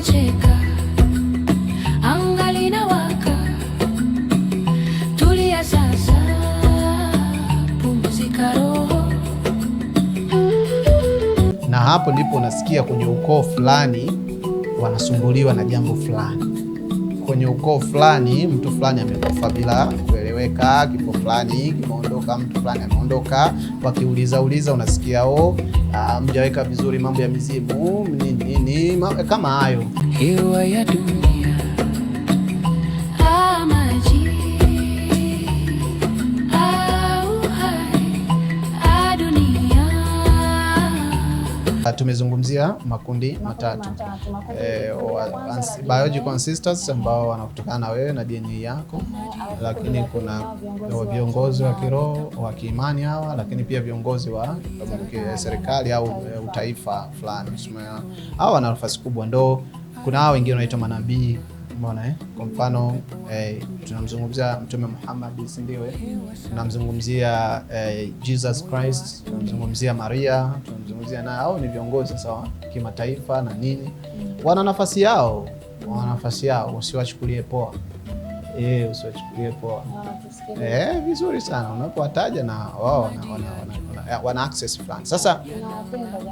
tunacheka, anga linawaka. Tulia sasa, pumzika roho. Na hapo ndipo unasikia kwenye ukoo fulani wanasumbuliwa na jambo fulani, kwenye ukoo fulani mtu fulani amekufa bila kimeongezeka, kipo fulani kimeondoka, mtu fulani ameondoka, wakiuliza uliza unasikia o, ah, mjaweka vizuri mambo ya mizimu nini nini, kama hayo hewa ya dunia tumezungumzia makundi matatu, eh, biological ancestors ambao wanakutokana na wewe na DNA yako, lakini kuna viongozi wa kiroho wa kiimani hawa, lakini pia viongozi wa serikali au eh, utaifa fulani. Hawa wana nafasi kubwa, ndo kuna hao wengine wanaitwa manabii. Mbona, eh? Kwa mfano eh, tunamzungumzia Mtume Muhammad, si ndio? Eh? Tunamzungumzia eh, Jesus Christ, tunamzungumzia Maria, tunamzungumzia tunazungumzia naye, au ni viongozi sasa wa kimataifa na nini, wana nafasi yao, wana nafasi yao, usiwachukulie poa e, usiwachukulie poa e, vizuri sana unapowataja na wao wana, wana, wana, wana, wana access fulani. Sasa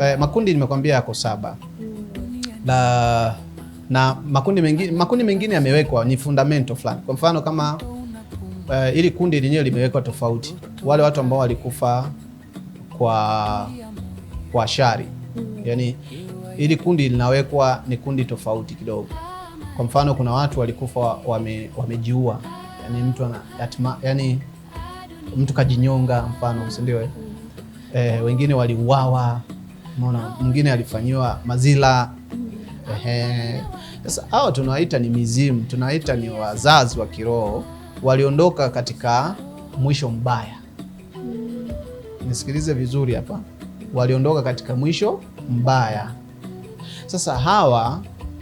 eh, makundi nimekwambia yako saba hmm. na na makundi mengine makundi mengine yamewekwa ni fundamental fulani. Kwa mfano kama uh, ili kundi lenyewe limewekwa tofauti, wale watu ambao walikufa kwa kwa shari mm. Yani ili kundi linawekwa ni kundi tofauti kidogo. Kwa mfano, kuna watu walikufa wame, wamejiua yani mtu ana, atma, yani mtu kajinyonga mfano, sindio eh? eh, wengine waliuawa, umeona, mwingine alifanyiwa mazila eh. Sasa hao tunawaita ni mizimu, tunawaita ni wazazi wa kiroho waliondoka katika mwisho mbaya. Nisikilize vizuri hapa waliondoka katika mwisho mbaya. Sasa hawa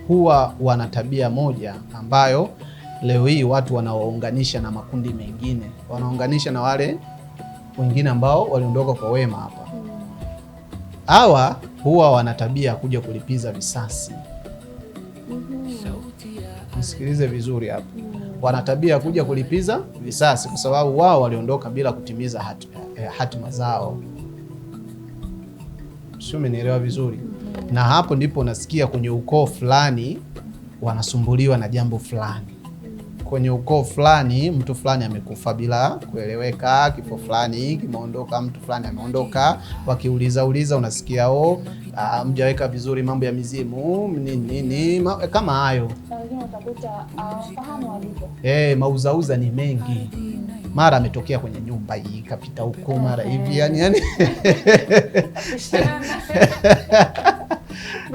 huwa wana tabia moja ambayo leo hii watu wanawaunganisha na makundi mengine, wanaunganisha na wale wengine ambao waliondoka kwa wema hapa. Hawa huwa wana tabia ya kuja kulipiza visasi. Msikilize vizuri hapa, wana tabia ya kuja kulipiza visasi, kwa sababu wao waliondoka bila kutimiza eh, hatima zao sio, umenielewa vizuri? Na hapo ndipo unasikia kwenye ukoo fulani wanasumbuliwa na jambo fulani, kwenye ukoo fulani mtu fulani amekufa bila kueleweka, kifo fulani kimeondoka, mtu fulani ameondoka, wakiuliza uliza unasikia o, oh, ah, mjaweka vizuri mambo ya mizimu nini nini, kama hayo. Hey, ah, eh, mauzauza ni mengi mara ametokea kwenye nyumba hii kapita huko mara hivi, yani yani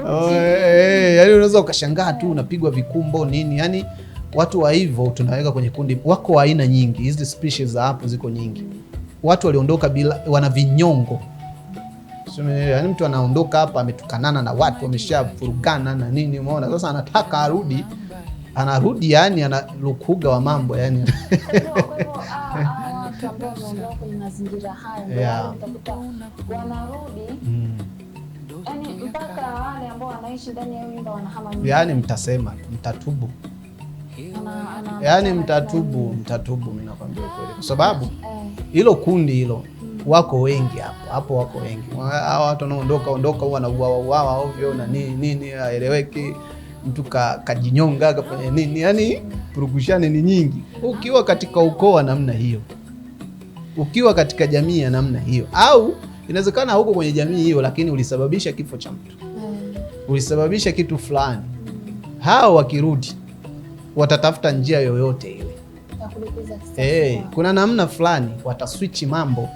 oh, eh, eh, yani unaweza ukashangaa tu unapigwa vikumbo nini, yani watu wa hivyo tunaweka kwenye kundi. Wako aina nyingi, hizi species za hapo ziko nyingi. Watu waliondoka bila, wana vinyongo yani mtu anaondoka hapa ametukanana na watu wameshavurugana na nini, umeona sasa, anataka arudi ah, anarudi yani ana lukuga wa mambo yani yaani. ah, ah, yaani yani yaani mtasema mtatubu, yani mtatubu, mtatubu, minakwambia kweli, kwa sababu eh, eh. hilo kundi hilo wako wengi hapo hapo, wako wengi hawa watu wanaondoka ondoka, huwa wanauawa uawa ovyo na nini nini, haeleweki mtu kajinyonga ka kafanya nini, yani purugushane ni nyingi. Ukiwa katika ukoo wa namna hiyo, ukiwa katika jamii ya namna hiyo, au inawezekana huko kwenye jamii hiyo, lakini ulisababisha kifo cha mtu, ulisababisha kitu fulani, hao wakirudi watatafuta njia yoyote ile. Hey, eh, kuna namna fulani wataswichi mambo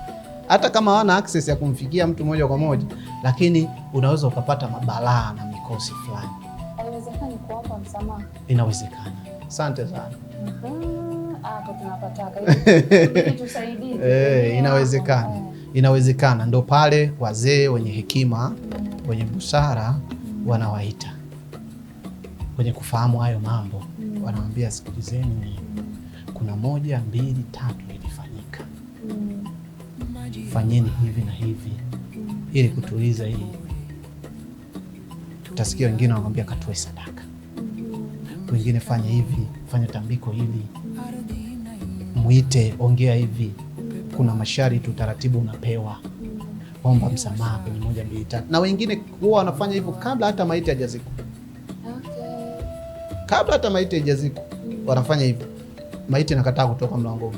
hata kama hawana access ya kumfikia mtu moja kwa moja, lakini unaweza ukapata mabalaa na mikosi fulani msamaha? Inawezekana. Asante sana. Mm-hmm. Ah, eh, inawezekana, eh. inawezekana. Ndo pale wazee wenye hekima, wenye busara wanawaita wenye kufahamu hayo mambo, mm. wanawaambia sikilizeni, kuna moja mbili tatu ilifanyika, mm. fanyeni hivi na hivi mm. ili kutuliza hii. Utasikia wengine wanamwambia katoe sadaka watu wengine, fanya hivi, fanya tambiko hili, mwite, ongea hivi. Kuna masharti, utaratibu unapewa, omba msamaha kwenye moja, mbili, tatu. Na wengine huwa wanafanya hivyo kabla hata maiti hajazikwa, kabla hata maiti hajazikwa wanafanya hivyo. Maiti nakataa kutoka mlangoni,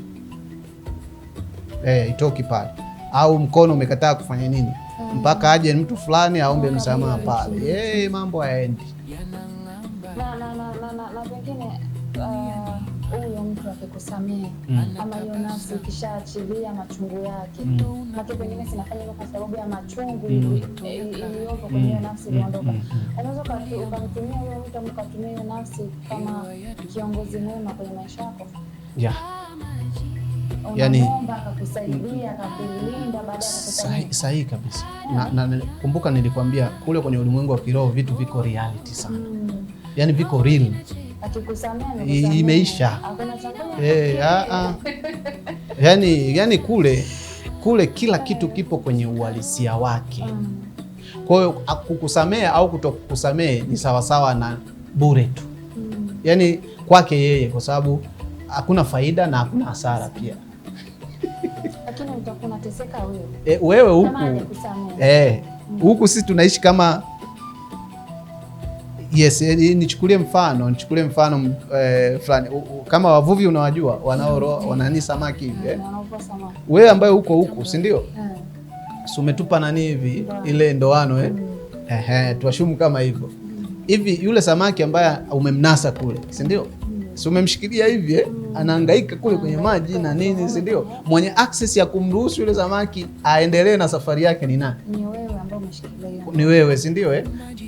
eh, itoki pale, au mkono umekataa kufanya nini mm. mpaka aje mtu fulani aombe msamaha pale. Eh, mambo hayaendi. kusamehe mm. ama hiyo nafsi ikishaachilia machungu yake mm. hata pengine sinafanya hivyo kwa sababu ya machungu mm. iliyopo kwenye hiyo mm. nafsi iliondoka. Mm. Mm. Unaweza ukamtumia huyo mtu ama ukatumia hiyo nafsi kama kiongozi mwema kwenye maisha yako yeah. Yani, sahihi kabisa na, na kumbuka nilikwambia kule kwenye ulimwengu wa kiroho vitu viko reality sana, yani viko real imeisha hey, yani, yani kule kule kila kitu kipo kwenye uhalisia wake. Mm. Kwa hiyo kukusamea au kutokukusamea ni sawasawa na bure tu, mm. yani kwake yeye, kwa sababu hakuna faida na hakuna hasara pia. Lakini unateseka wewe, eh, wewe huku eh, mm. huku, sisi tunaishi kama Yes, eh, nichukulie mfano nichukulie mfano mm, eh, fulani kama wavuvi unawajua, wanaoroa wanani samaki hivi eh? Wewe ambaye uko huku, si ndio? Eh. Si umetupa nani hivi ile ndoano eh? Mm. Ehe, tuashumu kama hivyo mm. hivi, yule samaki ambaye umemnasa kule, si ndio? si umemshikilia hivi eh? Anahangaika kule kwenye maji na nini, si ndio? Mwenye access ya kumruhusu yule samaki aendelee na safari yake ni nani? Ni wewe ambaye umeshikilia, ni wewe, si ndio eh?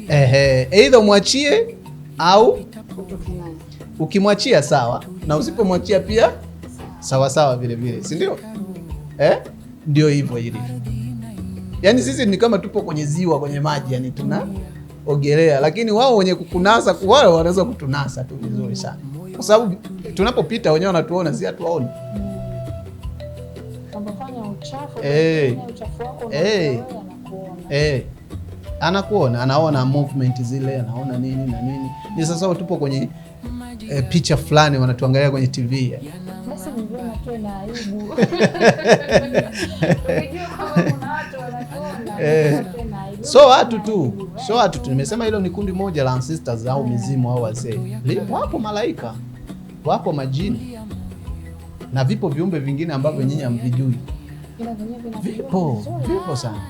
Ehe, either mwachie au ukimwachia sawa, na usipomwachia pia sawa sawa vile vile, si ndio eh? Ndio hivyo hili, yaani sisi ni kama tupo kwenye ziwa, kwenye maji, yani tuna ogelea, lakini wao wenye kukunasa wao wanaweza kutunasa tu vizuri sana kwa sababu tunapopita wenyewe wanatuona, si hatuwaoni. Eh. Eh. Eh. Anakuona, anaona movement zile, anaona nini na nini. Ni sasa tupo kwenye eh, picha fulani, wanatuangalia kwenye TV so watu tu, so watu tu. Nimesema hilo ni kundi moja la ancestors au mizimu au wazee. Lipo, wapo malaika, wapo majini na vipo viumbe vingine ambavyo nyinyi hamvijui. Vipo, vipo sana,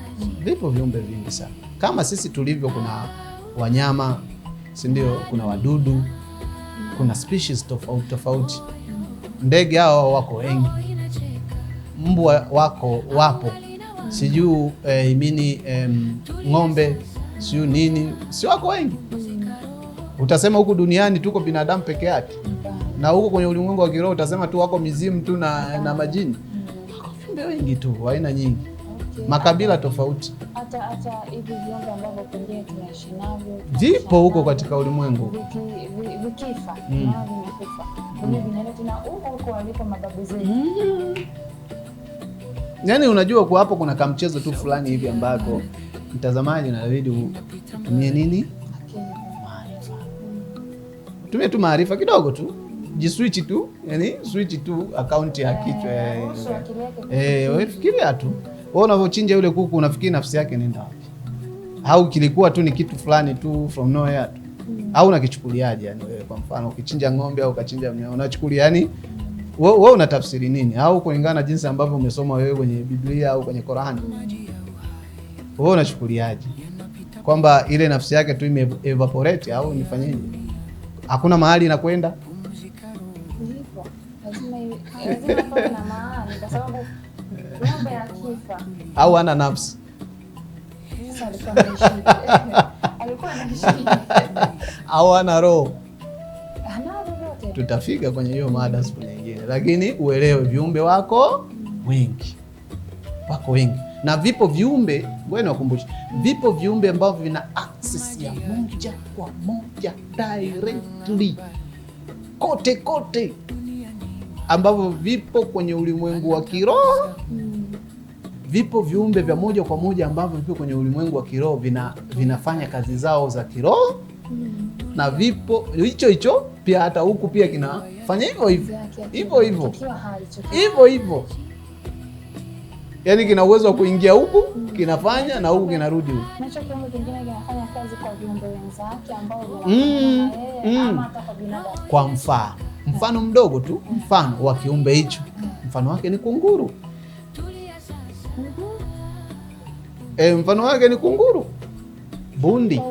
vipo viumbe vingi sana kama sisi tulivyo. Kuna wanyama, si ndio? Kuna wadudu, kuna species tofauti tofauti. Ndege hao wako wengi, mbwa wako wapo sijuu eh, imini eh, ng'ombe sijuu nini, si wako wengi. Utasema huku duniani tuko binadamu peke yake, na huko kwenye ulimwengu wa kiroho utasema tu wako mizimu tu na, na majini. Wako viumbe wengi tu, aina nyingi okay. makabila ata, tofauti ata, ata, hivi viumbe ambavyo pengine tunaishi navyo vipo huko katika ulimwengu, vikifa mm. vinakufa, mm. vinaenda tena huko huko walipo mababu zetu. Mm yani unajua kwa hapo kuna kamchezo tu fulani hivi ambako mtazamaji unabidi utumie nini, tumie tu maarifa kidogo tu, jiswichi tu, yani swichi tu akaunti ya kichwa eh, eh, wewe fikiria tu wewe unavyochinja yule kuku, unafikiri nafsi yake nenda wapi? Au kilikuwa tu ni kitu fulani tu from nowhere tu, mm. au unakichukuliaje? Yani wewe kwa mfano ukichinja ng'ombe au ukachinja mnyama unachukulia yani wewe tafsiri nini, au kulingana na jinsi ambavyo umesoma wewe kwenye Biblia au kwenye Korani, wewe unachukuliaje kwamba ile nafsi yake tu ime evaporate au nifanyeje? Hakuna mahali inakwenda au ana nafsi au ana roho? Tutafika kwenye hiyo mada siku wengine, lakini uelewe viumbe wako wengi, wako wengi, na vipo viumbe ngoja niwakumbushe, vipo viumbe ambavyo vina access ya moja kwa moja directly kote kote, ambavyo vipo kwenye ulimwengu wa kiroho vipo viumbe vya moja kwa moja ambavyo vipo kwenye ulimwengu wa kiroho vina, vinafanya kazi zao za kiroho mm na vipo hicho hicho pia, hata huku pia kinafanya hivyo hivyo hivyo hivyo hivyo hivyo, yaani kina uwezo wa kuingia huku kinafanya na huku kinarudi huku. Mm, mm. Kwa mfano mfano mdogo tu, mfano wa kiumbe hicho, mfano wake ni kunguru. E, mfano wake ni kunguru bundi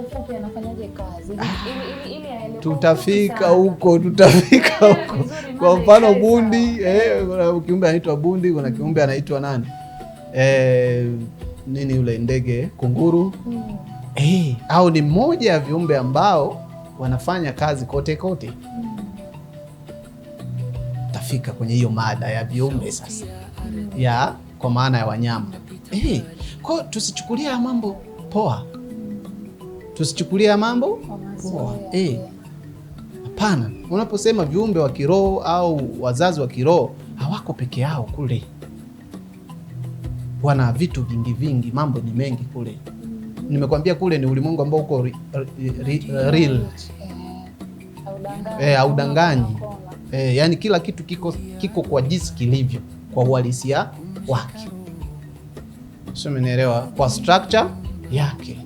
tutafika ah, huko, tutafika huko. Yaani kwa mfano bundi, kuna eh, kiumbe anaitwa bundi, kuna kiumbe anaitwa nani, eh, nini yule ndege kunguru, hmm. eh, au ni mmoja ya viumbe ambao wanafanya kazi kote kote. Hmm. Tafika kwenye hiyo mada ya viumbe sasa, ya kwa maana ya wanyama eh, tusichukulia mambo poa tusichukulia mambo poa. Eh, hapana. Unaposema viumbe wa kiroho au wazazi wa kiroho hawako peke yao kule, wana vitu vingi vingi, mambo ni mengi kule. Nimekwambia kule ni ulimwengu ambao uko real, eh, haudanganyi. Eh, yani kila kitu kiko, kiko kwa jinsi kilivyo kwa uhalisia wake, sio? Umenielewa? Kwa structure yake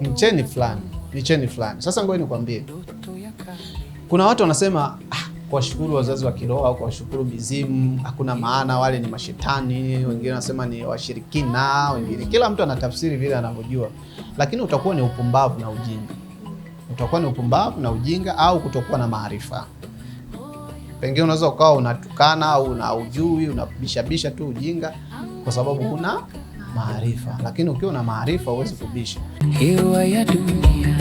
ni cheni, fulani, ni cheni fulani. Sasa ngoja nikwambie, kuna watu wanasema ah, kuwashukuru wazazi wa kiroho au kuwashukuru mizimu hakuna maana, wale ni mashetani, wengine wanasema ni washirikina, wengine kila mtu anatafsiri vile anavyojua, lakini utakuwa ni upumbavu na ujinga, utakuwa ni upumbavu na ujinga au kutokuwa na maarifa. Pengine unaweza ukawa unatukana au una ujui unabishabisha tu ujinga, kwa sababu kuna maarifa, lakini ukiwa na maarifa huwezi kubisha hewa ya dunia.